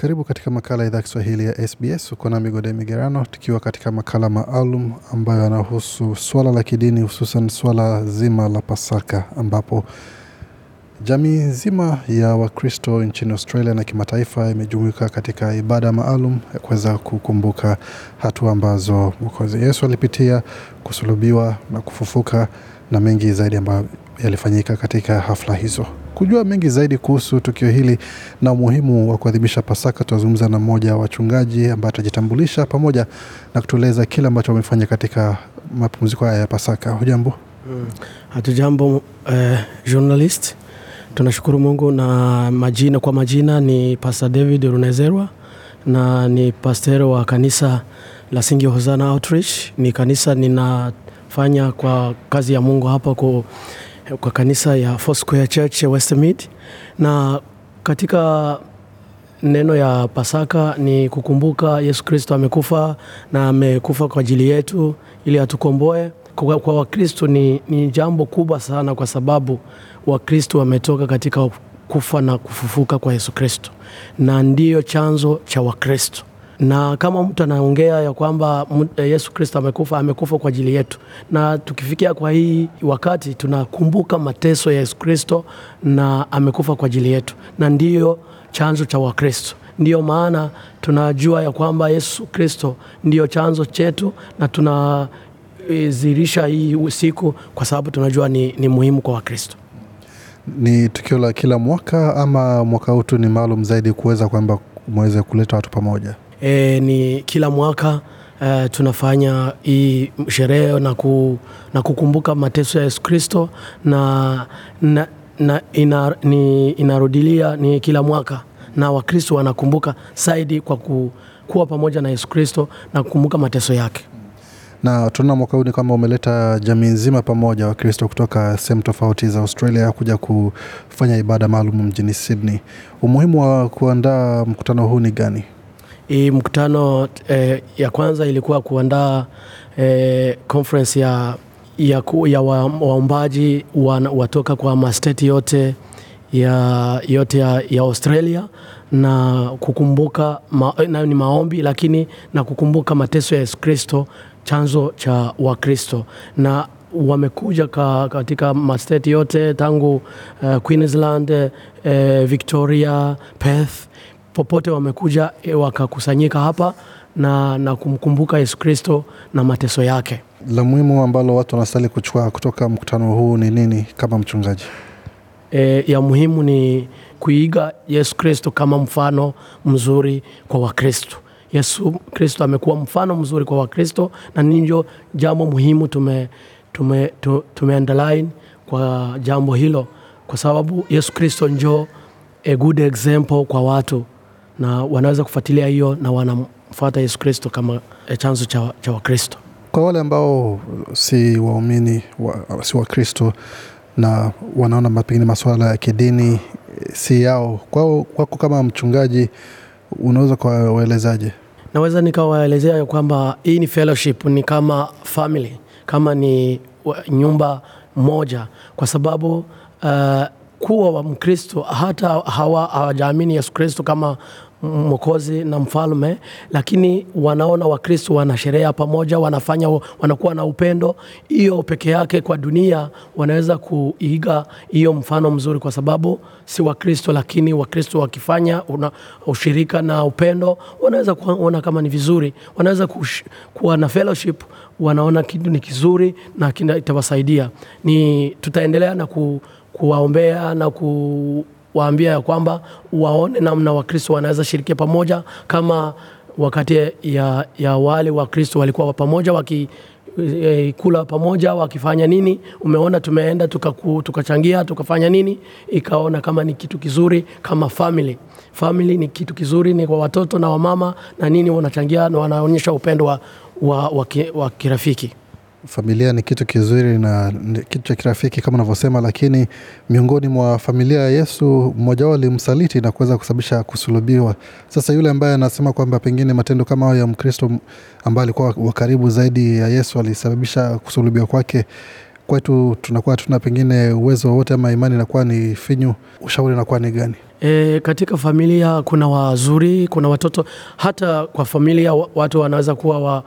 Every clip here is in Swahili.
Karibu katika makala ya idhaa Kiswahili ya SBS. Uko na Migode Migerano, tukiwa katika makala maalum ambayo yanahusu swala la kidini, hususan swala zima la Pasaka, ambapo jamii nzima ya Wakristo nchini Australia na kimataifa imejumuika katika ibada maalum ya kuweza kukumbuka hatua ambazo Mwokozi Yesu alipitia, kusulubiwa na kufufuka na mengi zaidi ambayo yalifanyika katika hafla hizo. Kujua mengi zaidi kuhusu tukio hili na umuhimu wa kuadhimisha Pasaka, tunazungumza na mmoja wa wachungaji ambaye atajitambulisha pamoja na kutueleza kile ambacho wamefanya katika mapumziko haya ya Pasaka. Hujambo? Hmm. jambo eh, journalist. Tunashukuru Mungu na majina kwa majina ni Pastor David Runezerwa na ni pastor wa kanisa la Singi Hosana Outreach. Ni kanisa ninafanya kwa kazi ya Mungu hapa ku kwa kanisa ya Foursquare Church ya Westmead, na katika neno ya Pasaka ni kukumbuka Yesu Kristo amekufa na amekufa kwa ajili yetu ili atukomboe. Kwa Wakristo ni, ni jambo kubwa sana, kwa sababu Wakristo wametoka katika kufa na kufufuka kwa Yesu Kristo, na ndiyo chanzo cha Wakristo na kama mtu anaongea ya kwamba eh, Yesu Kristo amekufa, amekufa kwa ajili yetu, na tukifikia kwa hii wakati tunakumbuka mateso ya Yesu Kristo na amekufa kwa ajili yetu, na ndiyo chanzo cha Wakristo. Ndiyo maana tunajua ya kwamba Yesu Kristo ndiyo chanzo chetu, na tunazirisha hii usiku kwa sababu tunajua ni, ni muhimu kwa Wakristo. Ni tukio la kila mwaka ama mwaka huu tu ni maalum zaidi kuweza kwamba mweze kuleta watu pamoja? e, ni kila mwaka Uh, tunafanya hii sherehe na, ku, na kukumbuka mateso ya Yesu Kristo na, na, na ina, ni, inarudilia ni kila mwaka na Wakristo wanakumbuka zaidi kwa ku, kuwa pamoja na Yesu Kristo na kukumbuka mateso yake na tunaona mwaka huu ni kwamba umeleta jamii nzima pamoja, Wakristo kutoka sehemu tofauti za Australia kuja kufanya ibada maalum mjini Sydney. Umuhimu wa kuandaa mkutano huu ni gani? Hii mkutano eh, ya kwanza ilikuwa kuandaa eh, conference ya, ya, ya waombaji wa, watoka kwa masteti yote ya, yote ya, ya Australia na kukumbuka ma, na ni maombi lakini na kukumbuka mateso ya Yesu Kristo, chanzo cha Wakristo na wamekuja ka, katika masteti yote tangu uh, Queensland, uh, Victoria, Perth popote wamekuja e, wakakusanyika hapa na, na kumkumbuka Yesu Kristo na mateso yake. La muhimu ambalo watu wanastahili kuchukua kutoka mkutano huu ni nini kama mchungaji? E, ya muhimu ni kuiga Yesu Kristo kama mfano mzuri kwa Wakristo. Yesu Kristo amekuwa mfano mzuri kwa Wakristo na ninjo jambo muhimu tume, tume, tume, tume underline kwa jambo hilo, kwa sababu Yesu Kristo njo a good example kwa watu na wanaweza kufuatilia hiyo na wanamfuata Yesu Kristo kama eh, chanzo cha, cha Wakristo. Kwa wale ambao si waumini wa, si Wakristo na wanaona pengine masuala ya kidini eh, si yao, kwao, kwako kama mchungaji unaweza kuwaelezaje? Naweza nikawaelezea kwamba hii ni fellowship, ni kama family, kama ni nyumba moja, kwa sababu uh, kuwa wa Mkristo hata hawa hawajaamini Yesu Kristo kama mwokozi na mfalme, lakini wanaona Wakristo wana sherehe pamoja, wanafanya wanakuwa na upendo. Hiyo peke yake kwa dunia wanaweza kuiga hiyo mfano mzuri, kwa sababu si Wakristo, lakini Wakristo wakifanya una, ushirika na upendo wanaweza kuona kama ni vizuri, wanaweza kush, kuwa na fellowship, wanaona kitu ni kizuri na itawasaidia. Ni tutaendelea na ku, kuwaombea na ku waambia ya kwamba waone namna Wakristo wanaweza shirikia pamoja kama wakati ya, ya wale Wakristo walikuwa pamoja waki eh, eh, kula pamoja wakifanya nini. Umeona, tumeenda tukaku, tukachangia tukafanya nini, ikaona kama ni kitu kizuri. Kama family family ni kitu kizuri, ni kwa watoto na wamama na nini, wanachangia na wanaonyesha upendo wa, wa, wa, wa kirafiki familia ni kitu kizuri na kitu cha kirafiki kama unavyosema, lakini miongoni mwa familia ya Yesu mmoja wao alimsaliti na kuweza kusababisha kusulubiwa. Sasa yule ambaye anasema kwamba pengine matendo kama hayo ya Mkristo ambaye alikuwa wa karibu zaidi ya Yesu alisababisha kusulubiwa kwake, kwetu tunakuwa tuna pengine uwezo wowote ama imani inakuwa ni finyu. Ushauri unakuwa ni gani? E, katika familia kuna wazuri, kuna watoto, hata kwa familia watu wanaweza kuwa wa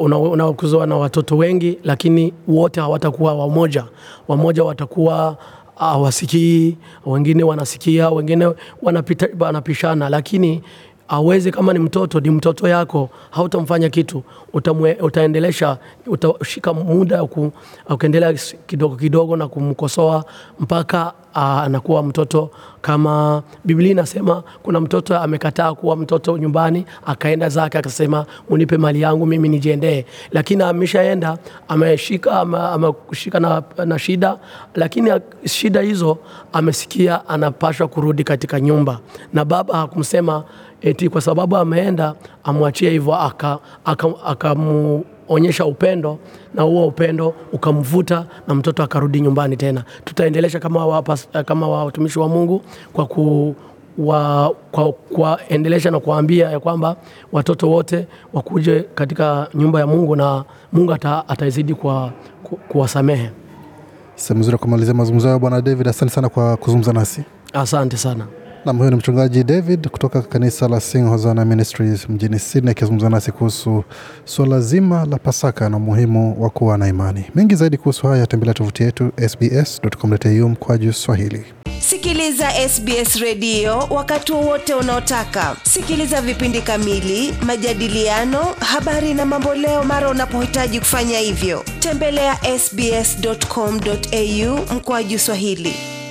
unaokuzwa na watoto wengi, lakini wote hawatakuwa wamoja. Wamoja watakuwa ah, hawasikii, wengine wanasikia, wengine wanapita, wanapishana, lakini aweze kama ni mtoto ni mtoto yako, hautamfanya kitu utamwe, utaendelesha utashika muda ukiendelea kidogo kidogo na kumkosoa mpaka anakuwa mtoto. Kama Biblia inasema kuna mtoto amekataa kuwa mtoto nyumbani, akaenda zake akasema, unipe mali yangu mimi nijiendee, lakini ameshaenda ameshika ameshika na, na shida, lakini shida hizo amesikia, anapashwa kurudi katika nyumba na baba hakumsema eti kwa sababu ameenda amwachie hivyo, akamuonyesha aka, aka upendo na huo upendo ukamvuta na mtoto akarudi nyumbani tena. Tutaendelesha kama, kama watumishi wa Mungu kwa ku wa, kwa, kuwaendelesha na kuwaambia ya kwamba watoto wote wakuje katika nyumba ya Mungu na Mungu ata, atazidi kuwasamehe. Sehemu nzuri ya kumalizia mazungumzo hayo, Bwana David, asante sana kwa kuzungumza nasi. Asante sana. Nam, huyu ni mchungaji David kutoka kanisa la Sing Hosanna Ministries mjini Sydney akizungumza nasi kuhusu suala zima la Pasaka na umuhimu wa kuwa na imani. Mengi zaidi kuhusu haya, tembelea tovuti yetu sbs.com.au mkwaju Swahili. Sikiliza SBS redio wakati wowote unaotaka. Sikiliza vipindi kamili, majadiliano, habari na mamboleo mara unapohitaji kufanya hivyo. Tembelea sbs.com.au mkwaju Swahili.